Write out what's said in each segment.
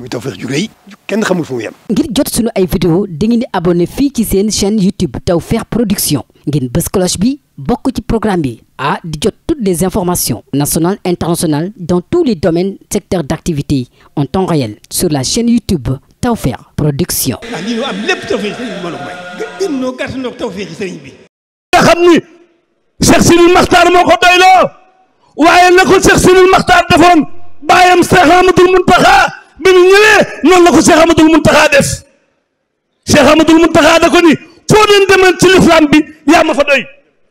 muy Tawfekh ju rëy kenn xamul fu mu yem. ngir jot sunu ay vidéo dangeen di abonné fii ci seen chaîne YouTube Tawfekh Production ngeen bës cloche bi bokk ci programme bi a di jot toutes les informations nationales internationales dans tous les domaines secteurs d'activité en temps réel sur la chaîne YouTube Tawfekh Production. ah lii ñu am lépp Tawfekh sëriñ bi may. gën noo gàtt noo Tawfekh bi. nga xam ni Cheikh Sidil Makhtar moo ko doyloo waaye na ko Cheikh Sidil Makhtar defoon bàyyam bi mu ñëwee noonu la ko Cheikh Amadou Mountakha def Cheikh Amadou ko ni foo leen demal ci lislaam bi yaa fa doy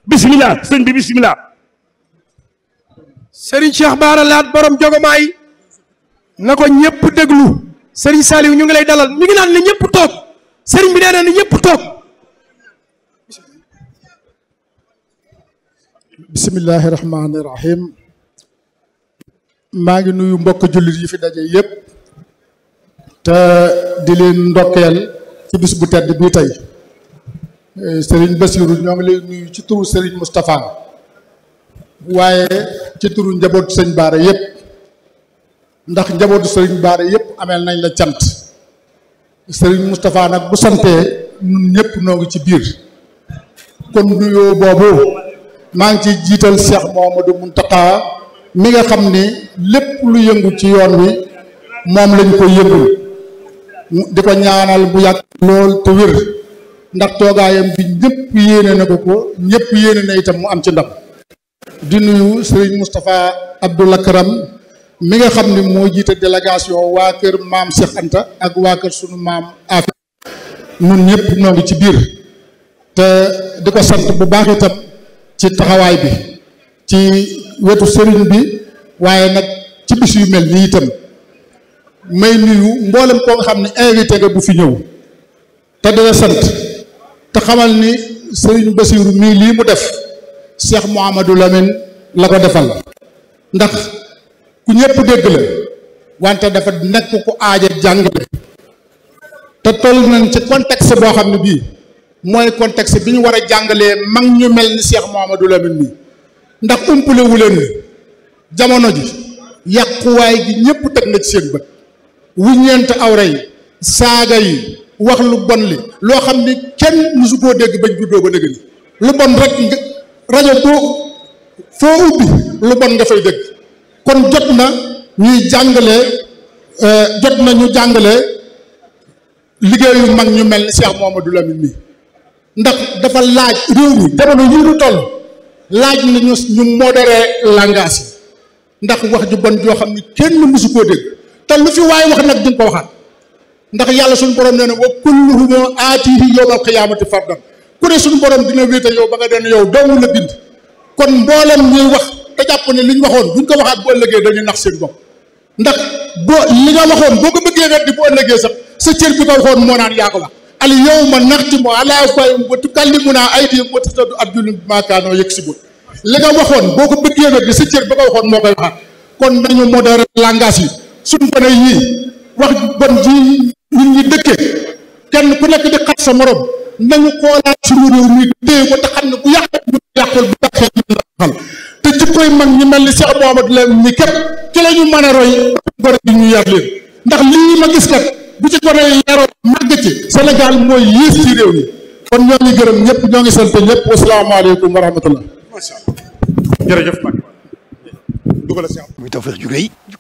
bisimilah sëñ bi bisimilah. Serigne Cheikh Bara Laat ko ñëpp déglu Serigne Saliou ñu ngi lay dalal ñu ngi naan ne ñëpp toog Serigne bi nee na ne toog. bisimilahi rahmaani maa ngi nuyu mbokk jullit yi fi daje yëpp. te di leen ndokkeel ci bis bu tedd bii tey eh, sëriñ Bassirou ñoo ngi lay nuyu ci turu Serigne Moustapha waaye ci turu njabootu sëñ Baara yëpp ndax njabootu Serigne Baara yëpp ameel nañ la cant Serigne Moustapha nag bu santee ñun ñëpp noo ngi ci biir kon nuyoo boobu maa ngi ci jiital Cheikh Mouhamadou Mountakha mi nga xam ni lépp lu yëngu ci yoon wi moom lañ ko yëngul. di ko ñaanal bu yàgg lool te wér ndax toogaayam bi ñëpp yéene na ko ko ñëpp yéene na itam mu am ci ndam di nuyu sëriñ Moustapha Abdoul Akram mi nga xam ni moo jiite délégation waa kër maam Cheikh ak waa kër suñu maam Afi nun ñëpp ñoo ci biir te di ko sant bu baax itam ci taxawaay bi ci wetu sëriñ bi waaye nag ci bis yu mel nii itam may nuyu mboolem koo xam ne invité nga bu fi ñëw te dina sant te xamal ni sëriñ Basiiru mii lii mu def Cheikh Mouhamadou Lamine la ko defal la ndax ku ñëpp dégg la wante dafa nekk ku aaja jàngale te toll nañ ci contexte boo xam ne bii mooy contexte bi ñu war a jàngalee mag ñu mel ni Cheikh Mouhamadou Lamine mii ndax umpale wu leen jamono ji yàquwaay gi ñëpp teg na ci seen ba wuññeent awra yi saaga yi wax lu bon li loo xam ne kenn musu koo dégg bañ juddoo ba dëgg ni lu bon rek rajo boo foo ubbi lu bon nga fay dégg kon jot na ñuy jàngale euh, jot na ñu jàngale liggéeyu mag ñu mel ni Cheikh Mouhamadou Lamine mi ndax dafa laaj réew mi jamono yi ñu toll laaj na ñu ñu modéré langage yi ndax wax ju bon joo xam ni kenn musu koo dégg te lu fi waay wax nag di ko waxaat ndax yàlla suñu borom nee na wa kulluhum aatihi yawmal qiyaamati fardan ku ne suñu borom dina wéetal yow ba nga den yow doomu la bind kon mboolem ñuy wax te jàpp ne li ñu waxoon buñ ko waxaat bu ëllëgee dañuy nax seen bopp ndax boo li nga waxoon boo ko bëggee weddi bu ëllëgee sax sa cër bi nga waxoon naan yaa ko wax al yawma naxtimu alaa afwaahihim waxoon boo ko bëggee weddi bi nga moo koy waxaat kon nañu modéré langage yi suñ gone yii wax bon ji nit ñi dëkke kenn ku nekk di xas sa morom nañu xoolaat suñu réew mi téye ko te xam ne ku yàqal bu yàqal bu yàqee ñu la te jikkoy mag ñi mel ni Cheikh Mouhamadou Lamine ni képp ci la ñu mën a roy gone yi ñu yar leen ndax lii ma gis kat bu ci gone yi yaroo màgg ci Sénégal mooy yées ci réew kon ñoo ngi gërëm ñëpp ñoo ngi sant ñëpp wasalaamaaleykum wa rahmatullah. macha allah jërëjëf Mbacke. dugal a